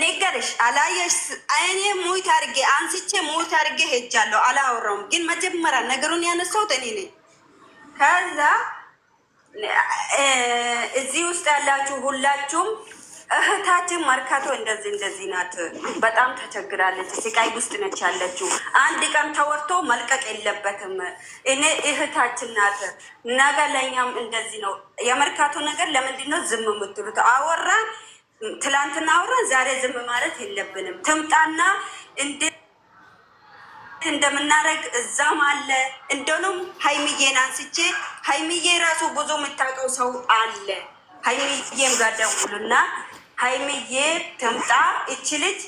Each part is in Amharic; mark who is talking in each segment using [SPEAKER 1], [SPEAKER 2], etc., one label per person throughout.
[SPEAKER 1] ልንገርሽ አላየሽ እኔ ሙይት አድርጌ አንስቼ ሙይት አድርጌ ሄጃለሁ። አላወራውም፣ ግን መጀመሪያ ነገሩን ያነሳሁት እኔ ነኝ።
[SPEAKER 2] ከዛ እዚህ ውስጥ ያላችሁ ሁላችሁም እህታችን መርካቶ እንደዚህ እንደዚህ ናት፣ በጣም ተቸግራለች፣ ስቃይ ውስጥ ነች ያለችው። አንድ ቀን ተወርቶ መልቀቅ የለበትም። እኔ እህታችን ናት፣ ነገ ለእኛም እንደዚህ ነው። የመርካቶ ነገር ለምንድን ነው ዝም የምትሉት? አወራን ትላንትና አውረን ዛሬ ዝም ማለት የለብንም። ትምጣና እንደ እንደምናደርግ እዛም አለ። እንደውም ሀይሚዬን አንስቼ ሀይሚዬ ራሱ ብዙ የምታውቀው ሰው አለ። ሀይሚዬም ጋር ደውሉና ሀይሚዬ ትምጣ እች ልጅ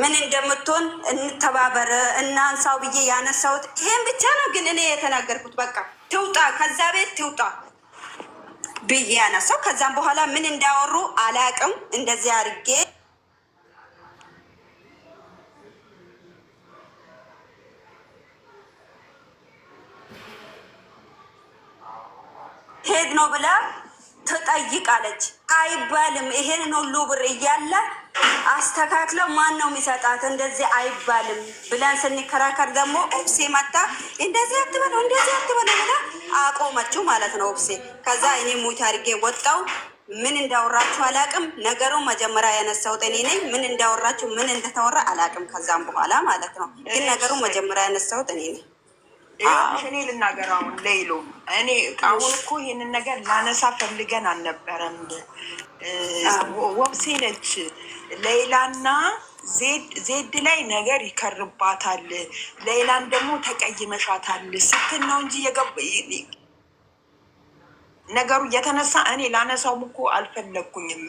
[SPEAKER 2] ምን እንደምትሆን እንተባበረ እናንሳው ብዬ ያነሳሁት ይሄን ብቻ ነው። ግን እኔ የተናገርኩት በቃ ትውጣ፣ ከዛ ቤት ትውጣ ብዬ ያነሳው። ከዛም በኋላ ምን እንዳወሩ አላቅም። እንደዚህ አድርጌ ሄድ ነው ብላ ትጠይቃለች። አይባልም። ይሄንን ሁሉ ብር እያለ አስተካክለው ማን ነው የሚሰጣት? እንደዚህ አይባልም ብለን ስንከራከር ደግሞ ኦብሴ መጣ። እንደዚህ አትበለው፣ እንደዚህ አትበለው ብላ አቆመችው ማለት ነው። ኦብሴ ከዛ እኔ ሙት አድርጌ ወጣው። ምን እንዳወራችሁ አላቅም። ነገሩ መጀመሪያ ያነሳሁት እኔ ነኝ። ምን እንዳወራችሁ ምን እንደተወራ አላቅም። ከዛም በኋላ ማለት ነው። ግን ነገሩ መጀመሪያ ያነሳሁት እኔ ነኝ።
[SPEAKER 1] እኔ ልናገር አሁን ሌሎ እኔ አሁን እኮ ይህንን ነገር ላነሳ ፈልገን አልነበረም። ወብሴ ነች ሌላና ዜድ ላይ ነገር ይከርባታል፣ ሌላን ደግሞ ተቀይመሻታል ስትል ነው እንጂ ነገሩ እየተነሳ እኔ ላነሳውም እኮ አልፈለግኩኝም።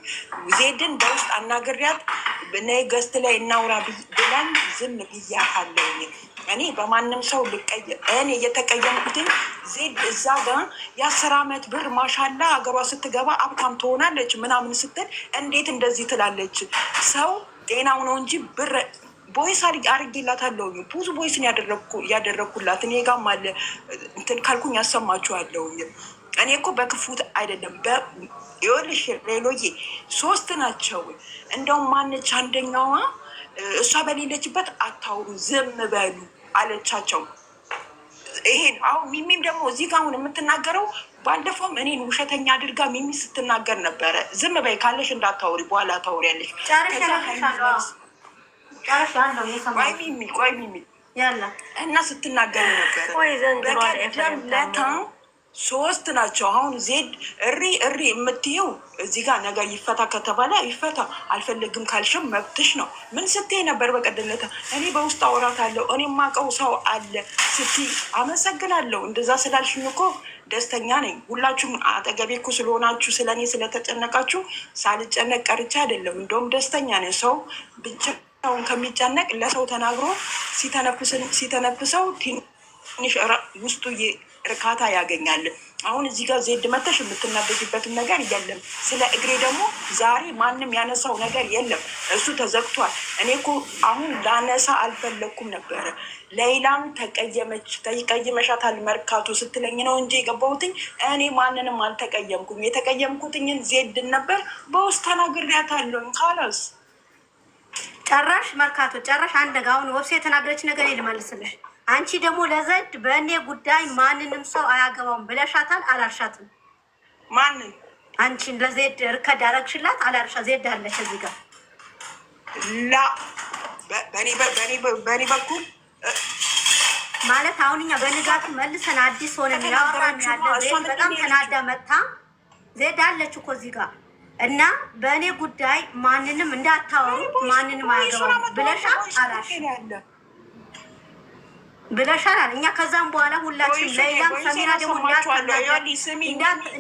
[SPEAKER 1] ዜድን በውስጥ አናግሪያት ነይ ገስት ላይ እናውራ ብለን ዝም ብያታለሁኝ። እኔ በማንም ሰው እኔ እየተቀየምኩትን ዜድ እዛ ጋ የአስር ዓመት ብር ማሻላ ሀገሯ ስትገባ አብታም ትሆናለች ምናምን ስትል እንዴት እንደዚህ ትላለች ሰው ጤናው ነው እንጂ ብር ቦይስ አድርጌላታለሁ። ብዙ ቦይስን ያደረግኩላት እኔ ጋም አለ እንትን ካልኩኝ ያሰማችኋለሁ። እኔ እኮ በክፉት አይደለም። ይኸውልሽ ሌሎዬ ሶስት ናቸው። እንደውም ማነች አንደኛዋ እሷ በሌለችበት አታውሩ፣ ዝም በሉ አለቻቸው። ይሄን አሁን ሚሚም ደግሞ እዚህ ጋር አሁን የምትናገረው ባለፈውም እኔን ውሸተኛ አድርጋ ሚሚ ስትናገር ነበረ። ዝም በይ ካለሽ እንዳታውሪ በኋላ ታወሪያለሽ። ቆይ ሚሚ ቆይ ሚሚ እና ስትናገር
[SPEAKER 2] ነበረ
[SPEAKER 1] በቀደም ለታ ሶስት ናቸው። አሁን ዜድ እሪ እሪ የምትየው እዚህ ጋር ነገር ይፈታ ከተባለ ይፈታ፣ አልፈልግም ካልሽም መብትሽ ነው። ምን ስትይ ነበር በቀደም ዕለት? እኔ በውስጥ አለው እኔ ማቀው ሰው አለ ስትይ፣ አመሰግናለሁ እንደዛ ስላልሽኝ እኮ ደስተኛ ነኝ። ሁላችሁም አጠገቤ እኮ ስለሆናችሁ ስለ እኔ ስለተጨነቃችሁ ሳልጨነቅ ቀርቼ አይደለም፣ እንደውም ደስተኛ ነኝ። ሰው ብቻውን ከሚጨነቅ ለሰው ተናግሮ ሲተነፍሰው ትንሽ ውስጡ እርካታ ያገኛል። አሁን እዚህ ጋር ዜድ መተሽ የምትናበጅበትም ነገር የለም። ስለ እግሬ ደግሞ ዛሬ ማንም ያነሳው ነገር የለም። እሱ ተዘግቷል። እኔ እኮ አሁን ላነሳ አልፈለግኩም ነበረ። ሌላም ተቀየመች ተቀይመሻታል መርካቶ ስትለኝ ነው እንጂ የገባሁትኝ እኔ ማንንም አልተቀየምኩም። የተቀየምኩትኝን ዜድን ነበር በውስጥ ተናግሬያታለሁ። ካላስ
[SPEAKER 2] ጨራሽ መርካቶ ጨራሽ አንድ ነገር አሁን ወብሴ የተናገረች ነገር ይልማልስልሽ አንቺ ደግሞ ለዘድ በእኔ ጉዳይ ማንንም ሰው አያገባውም ብለሻታል። አላልሻትም? ማንን? አንቺን ለዜድ እርከድ አረግሽላት። አላልሻ ዜድ አለሽ እዚህ ጋር
[SPEAKER 1] ላ በእኔ በኩል
[SPEAKER 2] ማለት አሁን እኛ በንጋቱ መልሰን አዲስ ሆነ ያወራናለ። በጣም ተናዳ መታ ዜድ አለች እኮ እዚህ ጋር እና በእኔ ጉዳይ ማንንም እንዳታወሩ ማንንም አያገባውም ብለሻ አላልሽ ብለሻላል። እኛ ከዛም በኋላ ሁላችን ለይላም ሰሚራ ደግሞ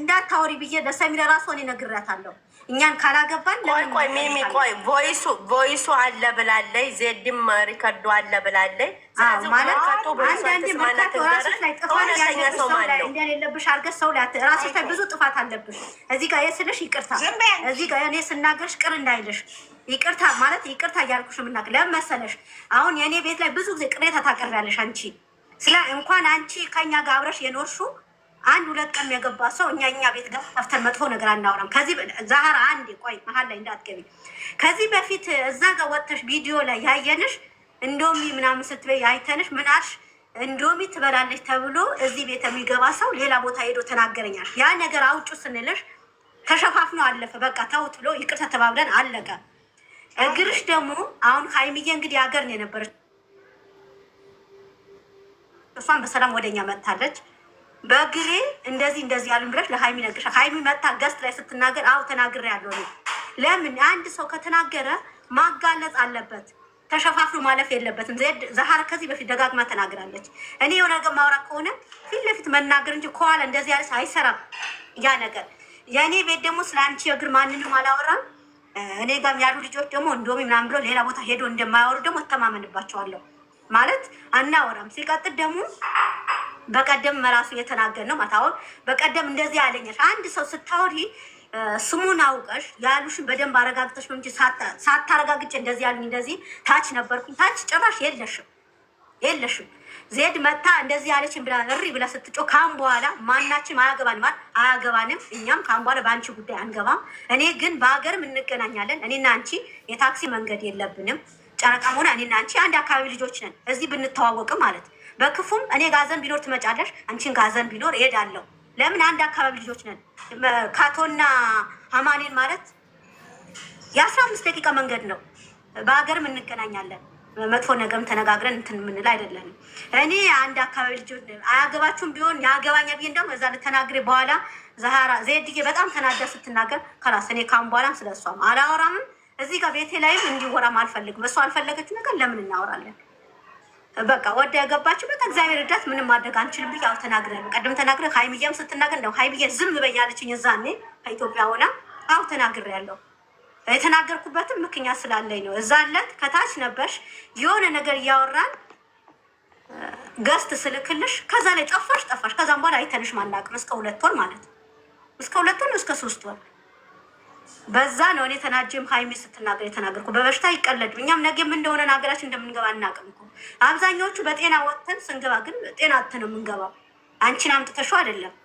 [SPEAKER 2] እንዳታወሪ ብዬ ለሰሚራ ራሱ እኔ እነግራታለሁ። እኛን ካላገባን
[SPEAKER 1] ለቆይ ሚሚ ቆይ ቮይሱ ቮይሱ አለ ብላለይ፣ ዜድም ሪከርዶ አለ ብላለይ
[SPEAKER 2] ማለት መርካቶ ራስሽ ላይ ጥፋት ያለብሽ ሰው ላይ እንደሌለብሽ አድርገሽ ሰው ላይ ራስሽ ላይ ብዙ ጥፋት አለብሽ። እዚህ ጋር የስልሽ ይቅርታ፣ እዚህ ጋር እኔ ስናገርሽ ቅር እንዳይልሽ ይቅርታ ማለት ይቅርታ እያልኩሽ የምናገር ለምን መሰለሽ? አሁን የእኔ ቤት ላይ ብዙ ጊዜ ቅሬታ ታቀርቢያለሽ አንቺ ስለ እንኳን አንቺ ከኛ ጋር አብረሽ የኖርሽው አንድ ሁለት ቀን የገባ ሰው እኛ እኛ ቤት ጋር መጥፎ ነገር ከዚህ ዛህር አንድ ቆይ መሀል ላይ እንዳትገቢ። ከዚህ በፊት እዛ ጋር ወጥተሽ ቪዲዮ ላይ ያየንሽ እንዶሚ ምናምን ስትበይ አይተንሽ ምናሽ እንዶሚ ትበላለች ተብሎ እዚህ ቤት የሚገባ ሰው ሌላ ቦታ ሄዶ ተናገረኛል። ያ ነገር አውጩ ስንልሽ ተሸፋፍኖ አለፈ። በቃ ተውት ብሎ ይቅርታ ተባብለን አለቀ። እግርሽ ደግሞ አሁን ሀይሚዬ እንግዲህ ሀገር ነው የነበረች። እሷን በሰላም ወደኛ መታለች። በእግሬ እንደዚህ እንደዚህ ያሉ ብለሽ ለሀይሚ ነግረሻል። ሀይሚ መታ ገስት ላይ ስትናገር አው ተናግሬ ያለው ለምን አንድ ሰው ከተናገረ ማጋለጽ አለበት። ተሸፋፍሎ ማለፍ የለበትም። ዜድ ዛሀር ከዚህ በፊት ደጋግማ ተናግራለች። እኔ የሆነ ነገር ማውራ ከሆነ ፊት ለፊት መናገር እንጂ ከኋላ እንደዚህ ያለ አይሰራም። ያ ነገር የእኔ ቤት ደግሞ ስለ አንቺ እግር ማንንም አላወራም። እኔ ጋም ያሉ ልጆች ደግሞ እንዶሚ ምናምን ብሎ ሌላ ቦታ ሄዶ እንደማያወሩ ደግሞ እተማመንባቸዋለሁ። ማለት አናወራም። ሲቀጥል ደግሞ በቀደም መራሱ እየተናገር ነው ማታወር በቀደም እንደዚህ ያለኛል አንድ ሰው ስታወሪ ስሙን አውቀሽ ያሉሽን በደንብ አረጋግጠሽ ነው እንጂ ሳታረጋግጭ እንደዚህ ያሉኝ እንደዚህ ታች ነበርኩኝ ታች ጭራሽ የለሽም የለሽም። ዜድ መታ እንደዚህ ያለችን ብላ እሪ ብላ ስትጮ ካም በኋላ አያገባን አያገባንም አያገባንም። እኛም ካም በኋላ በአንቺ ጉዳይ አንገባም። እኔ ግን በሀገርም እንገናኛለን። እኔና አንቺ የታክሲ መንገድ የለብንም። ጨረቃ ሆነ እኔና አንቺ አንድ አካባቢ ልጆች ነን። እዚህ ብንተዋወቅም ማለት በክፉም እኔ ጋዘን ቢኖር ትመጫለሽ፣ አንቺን ጋዘን ቢኖር እሄዳለሁ። ለምን አንድ አካባቢ ልጆች ነን። ካቶና አማኔን ማለት የአስራ አምስት ደቂቃ መንገድ ነው። በሀገርም እንገናኛለን። መጥፎ ነገርም ተነጋግረን እንትን የምንል አይደለንም። እኔ አንድ አካባቢ ልጆች አያገባችሁም ቢሆን የአገባኛ ብዬ እንደውም እዛ ልተናግሬ በኋላ ዛራ ዜድዬ በጣም ተናዳ ስትናገር ከላስ እኔ ካሁን በኋላም ስለሷም አላወራምም። እዚህ ጋር ቤቴ ላይም እንዲወራም አልፈልግም። እሷ አልፈለገችው ነገር ለምን እናወራለን? በቃ ወደ ገባችሁ በቃ እግዚአብሔር እዳት ምንም ማድረግ አንችልም ብዬ ያው ተናግረን ቀደም ተናግረን ሀይሚዬም ስትናገር እንደው ሀይሚዬ ዝም በያለችኝ እዛኔ ከኢትዮጵያ ሆና አሁ ተናግር ያለው የተናገርኩበትም ምክንያት ስላለኝ ነው። እዛ ዕለት ከታች ነበርሽ የሆነ ነገር እያወራን ገስት ስልክልሽ ከዛ ላይ ጠፋሽ ጠፋሽ። ከዛም በኋላ አይተንሽ ማናቅም እስከ ሁለት ወር ማለት ነው እስከ ሁለት ወር እስከ ሶስት ወር በዛ ነው እኔ ተናጅም ሀይሚ ስትናገር የተናገርኩ። በበሽታ ይቀለድ እኛም ነገ ምን እንደሆነ ሀገራችን እንደምንገባ እናቅም እኮ አብዛኛዎቹ በጤና ወጥተን ስንገባ ግን ጤና አጥተን የምንገባው አንቺን አምጥተሹ አይደለም።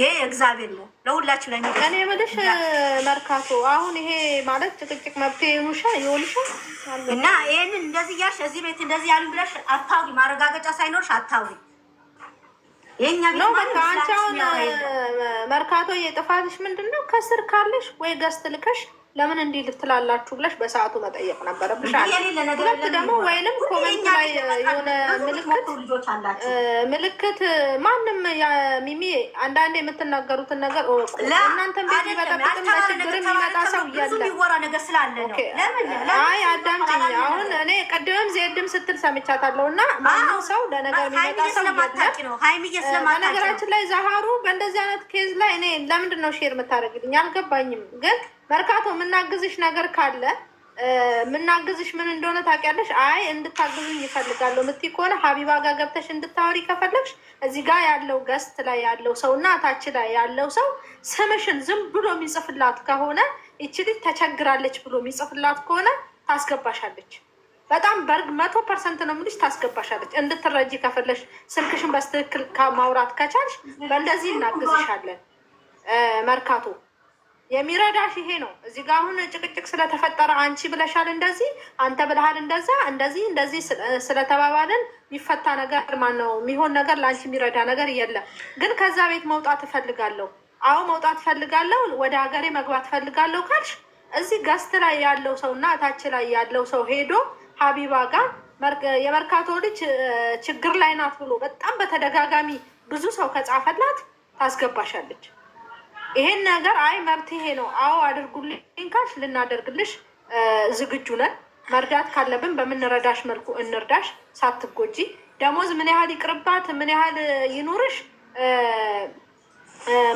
[SPEAKER 2] ይሄ እግዚአብሔር ነው ለሁላችን ላይ ሚቀ
[SPEAKER 1] እኔ የምልሽ መርካቶ አሁን ይሄ ማለት ጭቅጭቅ መብቴ ሙሻ ይሆንሽ
[SPEAKER 2] እና ይህንን እንደዚህ ያልሽ እዚህ ቤት እንደዚህ ያሉ ብለሽ አታውሪ። ማረጋገጫ ሳይኖርሽ አታውሪ። የኛ
[SPEAKER 1] መርካቶ የጥፋትሽ ምንድን ነው? ከስር ካለሽ ወይ ገስት ልከሽ ለምን እንዲህ ልትላላችሁ ብለሽ በሰዓቱ መጠየቅ ነበረብሽ። ሁለት ደግሞ ወይንም ኮመንት ላይ የሆነ ምልክት ምልክት ማንም ሚሚ አንዳንድ የምትናገሩትን ነገር እናንተ ቤት በጠብቅም በችግር የሚመጣ ሰው እያለ አይ አዳምጪኝ። አሁን እኔ ቅድምም ዜድም ስትል ሰምቻታለሁ እና ማንም ሰው ለነገር
[SPEAKER 2] የሚመጣ ሰው
[SPEAKER 1] እያለ በነገራችን ላይ ዛሃሩ በእንደዚህ አይነት ኬዝ ላይ እኔ ለምንድን ነው ሼር የምታደርግልኝ አልገባኝም ግን መርካቶ የምናግዝሽ ነገር ካለ የምናግዝሽ ምን እንደሆነ ታውቂያለሽ። አይ እንድታግዙኝ ይፈልጋለሁ የምትይ ከሆነ ሀቢባ ጋር ገብተሽ እንድታወሪ ከፈለግሽ እዚህ ጋር ያለው ገስት ላይ ያለው ሰው እና ታች ላይ ያለው ሰው ስምሽን ዝም ብሎ የሚጽፍላት ከሆነ ይቺ ልጅ ተቸግራለች ብሎ የሚጽፍላት ከሆነ ታስገባሻለች። በጣም በርግ መቶ ፐርሰንት ነው የምልሽ፣ ታስገባሻለች። እንድትረጂ ከፈለሽ ስልክሽን በስትክክል ማውራት ከቻልሽ በእንደዚህ እናግዝሻለን መርካቶ የሚረዳሽ ይሄ ነው። እዚህ ጋር አሁን ጭቅጭቅ ስለተፈጠረ አንቺ ብለሻል እንደዚህ፣ አንተ ብለሃል እንደዛ፣ እንደዚህ እንደዚህ ስለተባባልን የሚፈታ ነገር ማን ነው የሚሆን ነገር ለአንቺ የሚረዳ ነገር የለም። ግን ከዛ ቤት መውጣት እፈልጋለሁ። አዎ መውጣት እፈልጋለሁ፣ ወደ ሀገሬ መግባት እፈልጋለሁ ካልሽ እዚህ ገስት ላይ ያለው ሰው እና እታች ላይ ያለው ሰው ሄዶ ሀቢባ ጋር የመርካቶ ልጅ ችግር ላይ ናት ብሎ በጣም በተደጋጋሚ ብዙ ሰው ከጻፈላት ታስገባሻለች። ይሄን ነገር አይ መብትሄ ነው አዎ አድርጉልኝ ካልሽ ልናደርግልሽ ዝግጁ ነን። መርዳት ካለብን በምንረዳሽ መልኩ እንርዳሽ፣ ሳትጎጂ ደሞዝ ምን ያህል ይቅርባት፣ ምን ያህል ይኑርሽ፣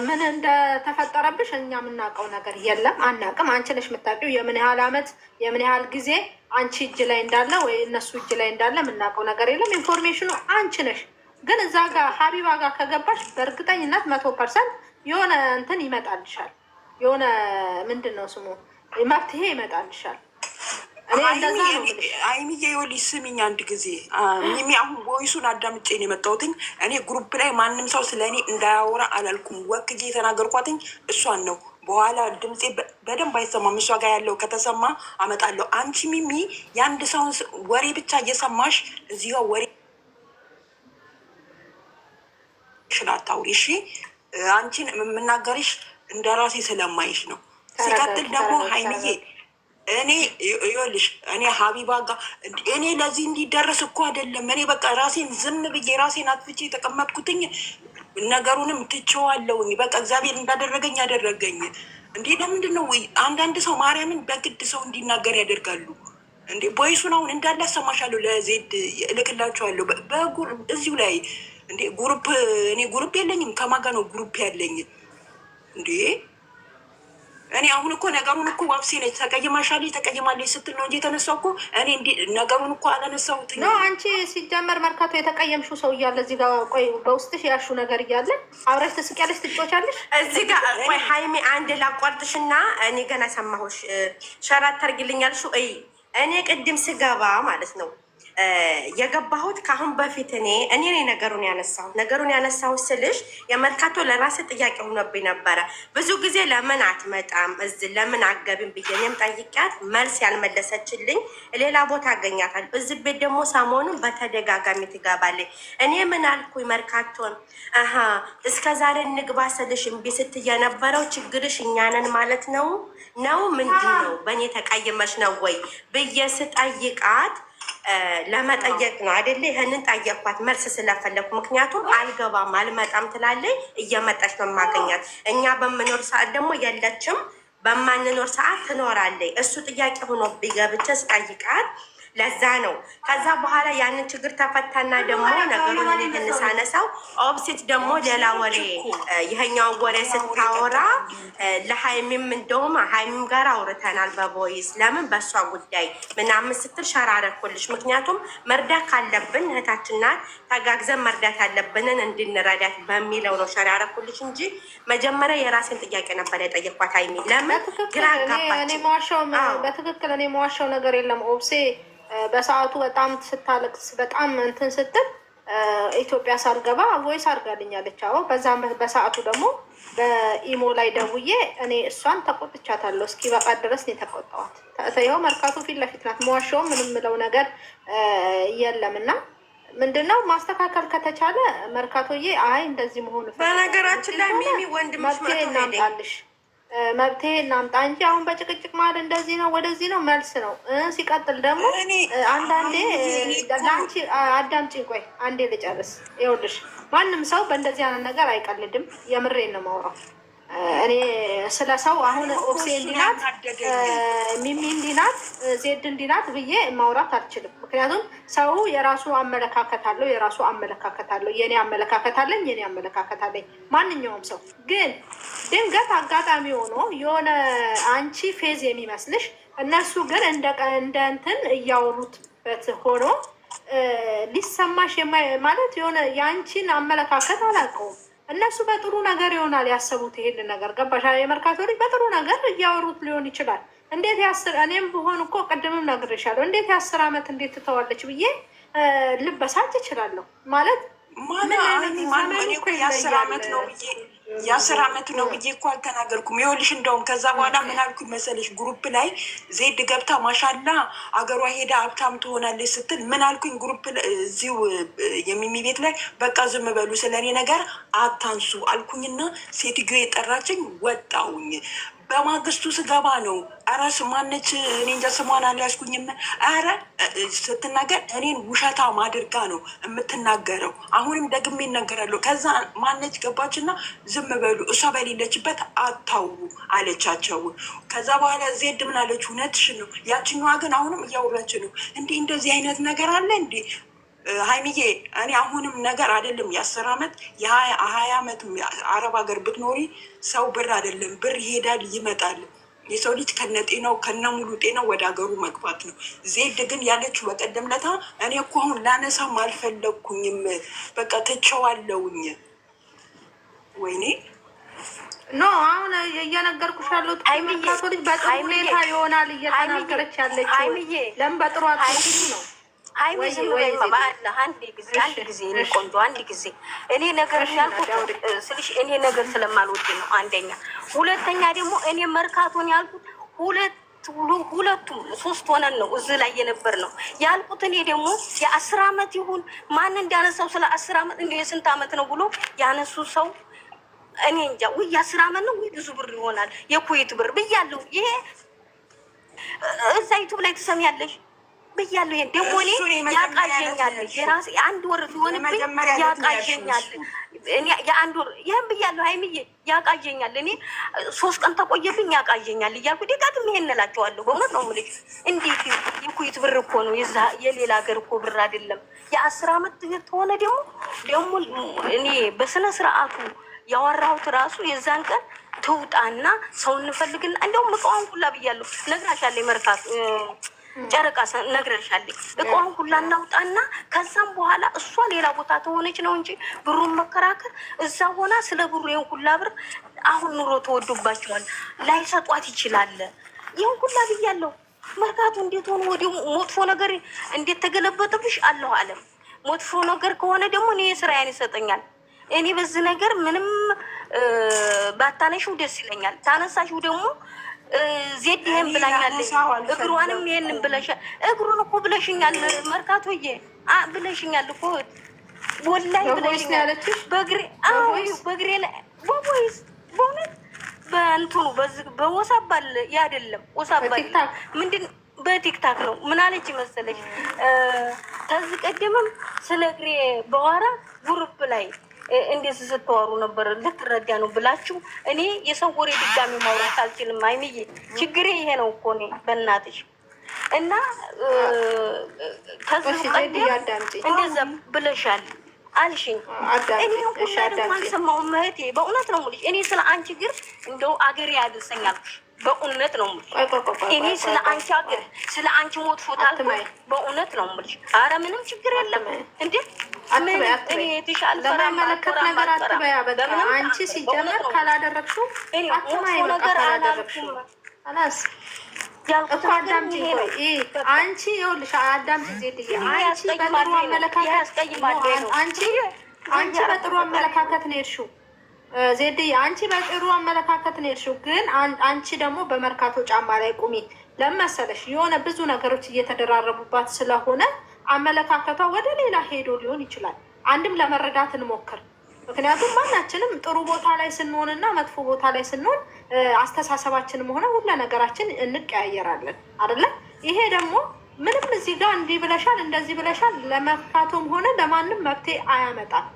[SPEAKER 1] ምን እንደተፈጠረብሽ እኛ የምናውቀው ነገር የለም፣ አናውቅም። አንቺ ነሽ የምታውቂው የምን ያህል አመት የምን ያህል ጊዜ አንቺ እጅ ላይ እንዳለ ወይ እነሱ እጅ ላይ እንዳለ የምናውቀው ነገር የለም። ኢንፎርሜሽኑ አንቺ ነሽ። ግን እዛ ጋር ሀቢባ ጋር ከገባሽ በእርግጠኝነት መቶ ፐርሰንት የሆነ እንትን ይመጣልሻል። የሆነ ምንድን ነው ስሙ መፍትሄ ይመጣልሻል። አይሚዬ ይኸውልሽ ስሚኝ፣ አንድ ጊዜ ሚሚ፣ አሁን ቦይሱን አዳምጬ ነው የመጣሁትኝ። እኔ ግሩፕ ላይ ማንም ሰው ስለ እኔ እንዳያወራ አላልኩም። ወክዬ የተናገርኳትኝ እሷን ነው። በኋላ ድምፄ በደንብ አይሰማም። እሷ ጋር ያለው ከተሰማ አመጣለሁ። አንቺ ሚሚ የአንድ ሰውን ወሬ ብቻ እየሰማሽ እዚህ ወሬ ሽላታውሪ እሺ አንቺን የምናገርሽ እንደ ራሴ ስለማይሽ ነው። ሲቀጥል ደግሞ ሀይሚዬ እኔ ይኸውልሽ እኔ ሀቢባ ጋ እኔ ለዚህ እንዲደረስ እኮ አይደለም። እኔ በቃ ራሴን ዝም ብዬ ራሴን አጥፍቼ የተቀመጥኩትኝ ነገሩንም ትቼዋለሁኝ። በቃ እግዚአብሔር እንዳደረገኝ ያደረገኝ። እንዴ ለምንድን ነው አንዳንድ ሰው ማርያምን በግድ ሰው እንዲናገር ያደርጋሉ? እንዴ ቦይሱን አሁን እንዳለ አሰማሻለሁ፣ ለዜድ እልክላችኋለሁ በጉር እዚሁ ላይ እንዴ ጉሩፕ እኔ ጉሩፕ የለኝም። ከማጋ ነው ጉሩፕ ያለኝ እንዴ? እኔ አሁን እኮ ነገሩን እኮ ዋብሴ ነች ተቀይማሻለች፣ ተቀይማለች ስትል ነው እንጂ የተነሳው እኮ እኔ እንዲ ነገሩን እኮ አላነሳሁት።
[SPEAKER 2] አንቺ ሲጀመር መርካቶ የተቀየምሽው ሰው እያለ እዚህ ጋር ቆይ፣ በውስጥሽ ያሹ ነገር እያለ አብረሽ ትስቂያለሽ፣ ትጮቻለሽ። እዚህ ጋር ቆይ ሀይሜ አንድ ላቋርጥሽና እኔ ገና ሰማሁሽ። ሸራት ታርግልኛለሽ። እይ እኔ ቅድም ስገባ ማለት ነው የገባሁት ከአሁን በፊት እኔ እኔ ነገሩን ያነሳሁ ነገሩን ያነሳሁ ስልሽ የመርካቶ ለራሴ ጥያቄ ሆኖብኝ ነበረ። ብዙ ጊዜ ለምን አትመጣም እዚህ ለምን አገብም ብዬ እኔም ጠይቂያት መልስ ያልመለሰችልኝ ሌላ ቦታ አገኛታለሁ። እዚህ ቤት ደግሞ ሰሞኑን በተደጋጋሚ ትገባለች። እኔ ምን አልኩኝ መርካቶን አሀ እስከ ዛሬ እንግባ ስልሽ እምቢ ስትይ የነበረው ችግርሽ እኛነን ማለት ነው ነው ምንድን ነው በእኔ ተቀይመሽ ነው ወይ ብዬ ስጠይቃት ለመጠየቅ ነው አይደለ? ይህንን ጠየኳት መልስ ስለፈለኩ። ምክንያቱም አልገባም አልመጣም ትላለኝ፣ እየመጣች ነው የማገኛት። እኛ በምኖር ሰዓት ደግሞ የለችም፣ በማንኖር ሰዓት ትኖራለች። እሱ ጥያቄ ሆኖ ቢገብቼ ስጠይቃት ለዛ ነው። ከዛ በኋላ ያንን ችግር ተፈታና ደግሞ ነገሩን እንሳነሳው። ኦብሴት ደግሞ ሌላ ወሬ ይሄኛው ወሬ ስታወራ ለሀይሚም እንደውም ሀይሚም ጋር አውርተናል በቮይስ ለምን በእሷ ጉዳይ ምናምን ስትል ሸራረኩልሽ። ምክንያቱም መርዳት ካለብን እህታችንና ተጋግዘን መርዳት ያለብንን እንድንረዳት በሚለው ነው ሸራረኩልሽ እንጂ መጀመሪያ የራሴን ጥያቄ ነበር የጠየኳት ሀይሚ ለምን
[SPEAKER 1] ግራ ጋባች። በትክክል እኔ መዋሻው ነገር የለም ኦብሴ በሰዓቱ በጣም ስታለቅስ በጣም እንትን ስትል ኢትዮጵያ ሳልገባ ቮይስ አድርጋልኛለች። አዎ በዛም በሰዓቱ ደግሞ በኢሞ ላይ ደውዬ እኔ እሷን ተቆጥቻታለሁ። እስኪ በቃ ድረስ ነው የተቆጣዋት። ይኸው መርካቶ ፊት ለፊት ናት። መዋሻውም ምንም ምለው ነገር የለም እና ምንድን ነው ማስተካከል ከተቻለ መርካቶዬ፣ አይ እንደዚህ መሆኑ
[SPEAKER 2] በነገራችን ላይ ሚሚ ወንድምሽ
[SPEAKER 1] መርቶ ሄደ መብቴ እናምጣ እንጂ አሁን በጭቅጭቅ መሀል እንደዚህ ነው ወደዚህ ነው መልስ ነው። ሲቀጥል ደግሞ አንዳንዴ ለአንቺ አዳምጪኝ፣ ቆይ አንዴ ልጨርስ። ይኸውልሽ ማንም ሰው በእንደዚህ አይነት ነገር አይቀልድም። የምሬን ነው የማውራው እኔ ስለ ሰው አሁን ኦክሴ እንዲናት ሚሚ እንዲናት ዜድ እንዲናት ብዬ ማውራት አልችልም። ምክንያቱም ሰው የራሱ አመለካከት አለው፣ የራሱ አመለካከት አለው። የኔ አመለካከት አለኝ፣ የኔ አመለካከት አለኝ። ማንኛውም ሰው ግን ድንገት አጋጣሚ ሆኖ የሆነ አንቺ ፌዝ የሚመስልሽ እነሱ ግን እንደ እንትን እያወሩትበት ሆኖ ሊሰማሽ ማለት የሆነ የአንቺን አመለካከት አላውቀውም እነሱ በጥሩ ነገር ይሆናል ያሰቡት ይሄን ነገር ገባሽ? የመርካቶ ልጅ በጥሩ ነገር እያወሩት ሊሆን ይችላል። እንዴት ያስር እኔም ብሆን እኮ ቅድምም ነግሬሻለሁ። እንዴት የአስር ዓመት እንዴት ትተዋለች ብዬ ልበሳጭ እችላለሁ ማለት የአስር ዓመት ነው ብዬ የአስር እኮ አልተናገርኩም። ይኸውልሽ እንደውም ከዛ በኋላ ምን አልኩኝ መሰለሽ ግሩፕ ላይ ዜድ ገብታ ማሻላ አገሯ ሄዳ ሀብታም ትሆናለች ስትል ምን አልኩኝ ግሩፕ እዚሁ የሚሚ ቤት ላይ በቃ ዝም በሉ ስለኔ ነገር አታንሱ አልኩኝና ሴትዮ የጠራችኝ ወጣውኝ። በማግስቱ ስገባ ነው። አረ ስማነች እኔ እንጃ ስሟን አልያዝኩኝም። አረ ስትናገር እኔን ውሸታም አድርጋ ነው የምትናገረው። አሁንም ደግሜ ይናገራሉ። ከዛ ማነች ገባችና ዝም በሉ እሷ በሌለችበት አታው አለቻቸው። ከዛ በኋላ ዜድ ምን አለች? እውነትሽ ነው። ያችኛዋ ግን አሁንም እያወራች ነው። እንዲህ እንደዚህ አይነት ነገር አለ እንዴ ሀይሚዬ እኔ አሁንም ነገር አይደለም የአስር አመት የሀያ አመት አረብ ሀገር ብትኖሪ ሰው ብር አይደለም ብር ይሄዳል ይመጣል። የሰው ልጅ ከነ ጤናው ከነ ሙሉ ጤናው ወደ ሀገሩ መግባት ነው። ዜድ ግን ያለችው በቀደም ለታ እኔ እኮ አሁን ላነሳም አልፈለግኩኝም በቃ ትቼዋለሁኝ። ወይኔ
[SPEAKER 2] ኖ አሁን እየነገርኩሽ ያለሁት ልጅ በጥሩ ሁኔታ ይሆናል እየተናገረች ያለችው ለምን በጥሩ ነው አይ ዝም በይማ በአላህ አንድ ጊዜ አንድ ጊዜ እኔ ቆንጆ አንድ ጊዜ እኔ ነገር ያልኩት ስልሽ እኔ ነገር ስለማልወድ ነው። አንደኛ፣ ሁለተኛ ደግሞ እኔ መርካቶን ያልኩት ሁለት ሁለቱም ሶስት ሆነን ነው እዚህ ላይ የነበር ነው ያልኩት። እኔ ደግሞ የአስር አመት ይሁን ማን ስለ አስር አመት እንዲ የስንት አመት ነው ብሎ ያነሱ ሰው እኔ እንጃ። ውይ የአስር አመት ነው ውይ ብዙ ብር ይሆናል የኩዌት ብር ብያለሁ። ይሄ እዛ ዩቱብ ላይ ትሰሚያለሽ ብያለሁ። ይሄን ደግሞ እኔ ያቃዠኛል፣ ራሴ አንድ ወር ሲሆንብኝ ያቃዠኛል። የአንድ ወር ይህን ብያለሁ ሀይምዬ ያቃዠኛል። እኔ ሶስት ቀን ተቆየብኝ ያቃዠኛል እያልኩ ደጋግሜ ይሄን እላቸዋለሁ። በእውነት ነው የምልሽ። እንዴት የኩዌት ብር እኮ ነው የሌላ ሀገር እኮ ብር አይደለም። የአስር አመት ከሆነ ደግሞ ደግሞ እኔ በስነ ስርአቱ ያወራሁት ራሱ የዛን ቀን ትውጣና ሰው እንፈልግና እንደውም እቃዋን ሁላ ብያለሁ። ነግራሻለሁ መርካት ጨረቃ ነግረሻለች። እቃውን ሁላ እናውጣና ከዛም በኋላ እሷ ሌላ ቦታ ተሆነች ነው እንጂ ብሩን መከራከር እዛ ሆና ስለ ብሩ ይህን ሁላ ብር አሁን ኑሮ ተወዶባቸዋል ላይሰጧት ይችላል። ይህን ሁላ ብያለሁ። መርካቱ እንዴት ሆኖ ወዲ መጥፎ ነገር እንዴት ተገለበጠብሽ? አለሁ አለም መጥፎ ነገር ከሆነ ደግሞ እኔ ስራዬን ይሰጠኛል። እኔ በዚህ ነገር ምንም ባታነሽው ደስ ይለኛል። ታነሳሽው ደግሞ ዜድ ይሄን ብላኛለች፣ እግሯንም ይሄንን ብለሻል። እግሩን እኮ ብለሽኛል፣ መርካቶዬ ብለሽኛል እኮ ወላሂ ብለሽኛል። በእግሬ በእግሬ ላይ በቦይስ በእውነት በእንትኑ በወሳባል ያደለም ወሳባል ምንድን በቲክታክ ነው። ምን አለች መሰለች? ከዚህ ቀደምም ስለ እግሬ በኋላ ጉሩፕ ላይ እንዴት ስትወሩ ነበር ልትረዳ ነው ብላችሁ እኔ የሰው ወሬ ድጋሚ ማውራት አልችልም። አይምዬ ችግሬ ይሄ ነው እኮ እኔ በእናትሽ እና ከዚህ እንደዛ ብለሻል አልሽኝ እኔ ሁሉ አልሰማሁም እህቴ፣ በእውነት ነው የምልሽ። እኔ ስለ አንቺ ግር እንደው አገሬ ያድርሰኛል በእውነት ነው የምልሽ። ይህ ስለ አንቺ ሀገር ስለ አንቺ ሞት ፎታ በእውነት ነው የምልሽ። አረ ምንም ችግር የለም እንዴ
[SPEAKER 1] በማይመለከት ሲጀመር ነገር አንቺ በጥሩ አመለካከት አንቺ በጥሩ አመለካከት ነው የሄድሽው ዜዴ አንቺ በጥሩ አመለካከት ነው የሄድሽው፣ ግን አንቺ ደግሞ በመርካቶ ጫማ ላይ ቁሚ። ለምን የሆነ ብዙ ነገሮች እየተደራረቡባት ስለሆነ አመለካከቷ ወደ ሌላ ሄዶ ሊሆን ይችላል። አንድም ለመረዳት እንሞክር። ምክንያቱም ማናችንም ጥሩ ቦታ ላይ ስንሆን እና መጥፎ ቦታ ላይ ስንሆን አስተሳሰባችንም ሆነ ሁለ ነገራችን እንቀያየራለን አይደለ? ይሄ ደግሞ ምንም እዚህ ጋር እንዲህ ብለሻል እንደዚህ ብለሻል ለመርካቶም ሆነ ለማንም መብቴ አያመጣም።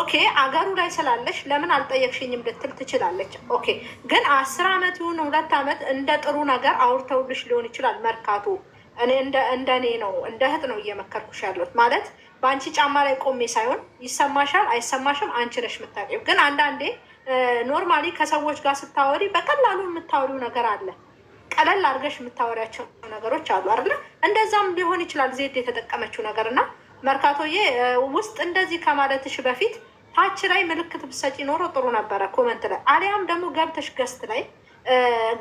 [SPEAKER 1] ኦኬ አገሩ ላይ ስላለሽ ለምን አልጠየቅሽኝም ልትል ትችላለች። ኦኬ ግን አስር አመት ይሁን ሁለት አመት እንደ ጥሩ ነገር አውርተውልሽ ሊሆን ይችላል። መርካቱ እኔ እንደ እኔ ነው እንደ እህት ነው እየመከርኩሽ ያለሁት ማለት በአንቺ ጫማ ላይ ቆሜ ሳይሆን ይሰማሻል አይሰማሽም አንቺ ነሽ የምታውቂው። ግን አንዳንዴ ኖርማሊ ከሰዎች ጋር ስታወሪ በቀላሉ የምታወሪው ነገር አለ ቀለል አድርገሽ የምታወሪያቸው ነገሮች አሉ አይደለ? እንደዛም ሊሆን ይችላል ዜድ የተጠቀመችው ነገር እና መርካቶዬ ውስጥ እንደዚህ ከማለትሽ በፊት ታች ላይ ምልክት ብሰጪ ኖሮ ጥሩ ነበረ፣ ኮመንት ላይ አሊያም ደግሞ ገብተሽ ገስት ላይ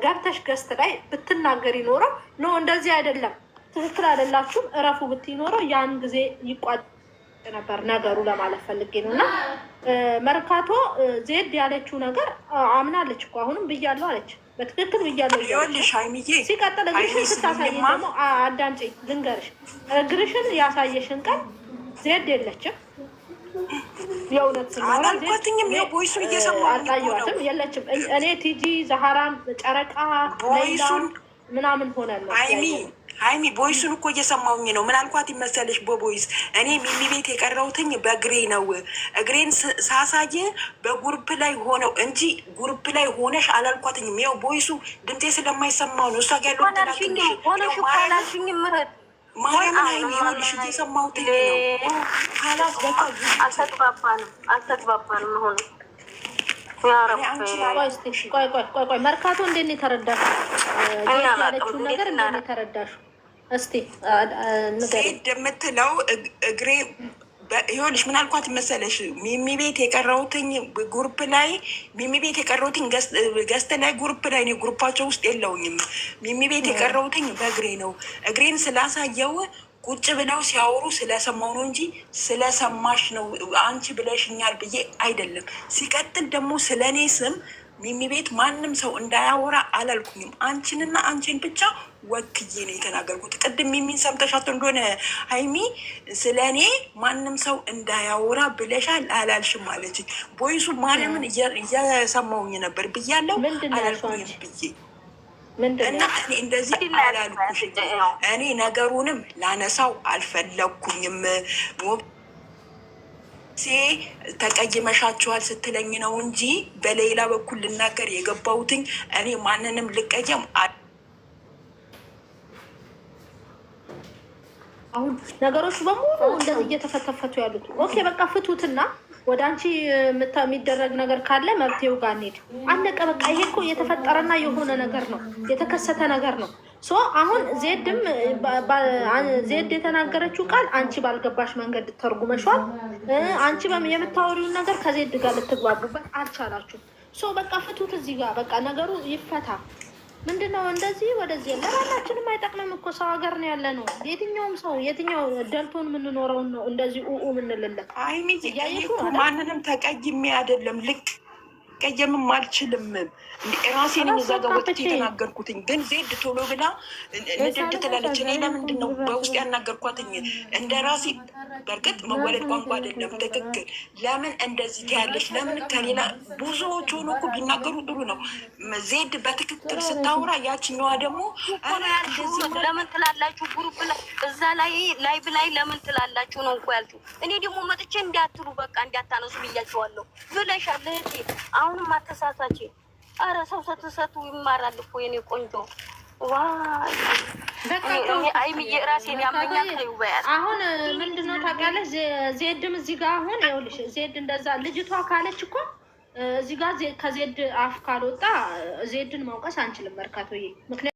[SPEAKER 1] ገብተሽ ገስት ላይ ብትናገር ኖሮ ኖ እንደዚህ አይደለም ትክክል አይደላችሁም እረፉ ብትኖረው ኖሮ ያን ጊዜ ይቋጭ ነበር ነገሩ ለማለት ፈልጌ ነው። እና መርካቶ ዜድ ያለችው ነገር አምናለች እኮ አሁንም ብያለሁ አለች። በትክክል ብያለሁ።
[SPEAKER 2] ይኸውልሽ ሀይሚዬ፣
[SPEAKER 1] ሲቀጥል እግርሽን ስታሳይ ደግሞ አዳምጪ፣ ልንገርሽ። እግርሽን ያሳየሽን ቀን ዜድ የለችም። የእውነት
[SPEAKER 2] አላልኳትኝም። ይኸው ቦይሱ እየሰማሁ
[SPEAKER 1] አልታየኋትም፣ የለችም። እኔ ቲጂ ዛህራን ጨረቃ ሌላ ምናምን ሆናለሁ።
[SPEAKER 2] አይሚ አይሚ ቦይሱን እኮ እየሰማውኝ ነው። ምን አልኳት ይመሰለሽ? በቦይስ እኔ ሚሚ ቤት የቀረውትኝ በእግሬ ነው። እግሬን ሳሳየ በጉርፕ ላይ ሆነው እንጂ ጉርፕ ላይ ሆነሽ አላልኳትኝ። ያው ቦይሱ ድምጤ ስለማይሰማው ነው። እሷ ጋ ያለው ማርያምን አይሚ ይኸውልሽ እየሰማውትኝ ነው።
[SPEAKER 1] አልተግባባንም አልተግባባንም ሆነ
[SPEAKER 2] ቆይ መርካቶ እንዴት ነው የተረዳሽው? ያለችውን ነገር እንዴት ነው የተረዳሽው? እስቲ ሴት
[SPEAKER 1] የምትለው እግሬ ይኸውልሽ ምን አልኳት መሰለሽ? ሚሚ ቤት የቀረውትኝ ጉሩፕ ላይ ሚሚ ቤት የቀረውትኝ ገስት ላይ ጉሩፕ ላይ እኔ ውስጥ የለውኝም። ሚሚ ቤት የቀረውትኝ በእግሬ ነው። እግሬን ስላሳየው ቁጭ ብለው ሲያወሩ ስለሰማው ነው እንጂ ስለሰማሽ ነው አንቺ ብለሽኛል ብዬ አይደለም። ሲቀጥል ደግሞ ስለ እኔ ስም ሚሚ ቤት ማንም ሰው እንዳያወራ አላልኩኝም። አንቺንና አንቺን ብቻ ወክዬ ነው የተናገርኩት። ቅድም ሚሚን ሰምተሻት እንደሆነ ሀይሚ ስለ እኔ ማንም ሰው እንዳያወራ ብለሻል አላልሽም አለችኝ። ቦይሱ ማርያምን እየሰማውኝ ነበር ብያለው አላልኩኝም ብዬ እና እኔ እንደዚህ እኔ ነገሩንም ላነሳው አልፈለግኩኝም። ተቀይመሻችኋል ስትለኝ ነው እንጂ በሌላ በኩል ልናገር የገባሁትኝ እኔ ማንንም ልቀየም አሁን ነገሮች በሙሉ እንደዚህ እየተፈተፈቱ ያሉት ኦኬ፣ በቃ ፍቱትና ወደ አንቺ የሚደረግ ነገር ካለ መብቴው ጋር እንሂድ። አለቀ በቃ። ይሄ እኮ የተፈጠረና የሆነ ነገር ነው፣ የተከሰተ ነገር ነው። ሶ አሁን ዜድም ዜድ የተናገረችው ቃል አንቺ ባልገባሽ መንገድ ተርጉመሻል። አንቺ የምታወሪውን ነገር ከዜድ ጋር ልትግባቡበት አልቻላችሁ። ሶ በቃ ፍቱት እዚህ ጋር በቃ ነገሩ ይፈታ። ምንድን ነው እንደዚህ ወደዚህ ለማናችንም አይጠቅምም እኮ ሰው ሀገር ነው ያለ ነው። የትኛውም ሰው የትኛው ደልቶን የምንኖረውን ነው እንደዚህ ኡ ምንልለን
[SPEAKER 2] አይ ሚዜ ማንንም ተቀይሜ አይደለም ልክ ልቀየምም አልችልም። ራሴን እዛ ጋር ወጥቼ የተናገርኩትኝ ግን ዜድ ቶሎ ብላ ንድድ ትላለች። እኔ ለምንድን ነው በውስጥ ያናገርኳትኝ? እንደ ራሴ በእርግጥ መወለድ ቋንቋ አይደለም። ትክክል። ለምን እንደዚህ ትያለች? ለምን ከሌላ ብዙዎች ሆኖ እኮ ቢናገሩ ጥሩ ነው። ዜድ በትክክል ስታወራ፣ ያችኛዋ ደግሞ ለምን ትላላችሁ? ግሩፕ እዛ ላይ ላይ ብላይ ለምን ትላላችሁ ነው እንኳ ያልችሁ። እኔ ደግሞ መጥቼ እንዲያትሉ በቃ እንዲያታነሱ ብያቸዋለሁ ብለሻል እህቴ አሁንም አተሳሳች። አረ ሰው ሰትሰቱ ይማራል እኮ የኔ ቆንጆ። አይምዬ ራሴን ያመኛል።
[SPEAKER 1] አሁን ምንድነው ታውቂያለሽ? ዜድም እዚህ ጋር አሁን ይኸውልሽ፣ ዜድ እንደዛ ልጅቷ ካለች እኮ እዚህ ጋር ከዜድ አፍ ካልወጣ ዜድን ማውቀስ አንችልም መርካቶዬ ምክንያት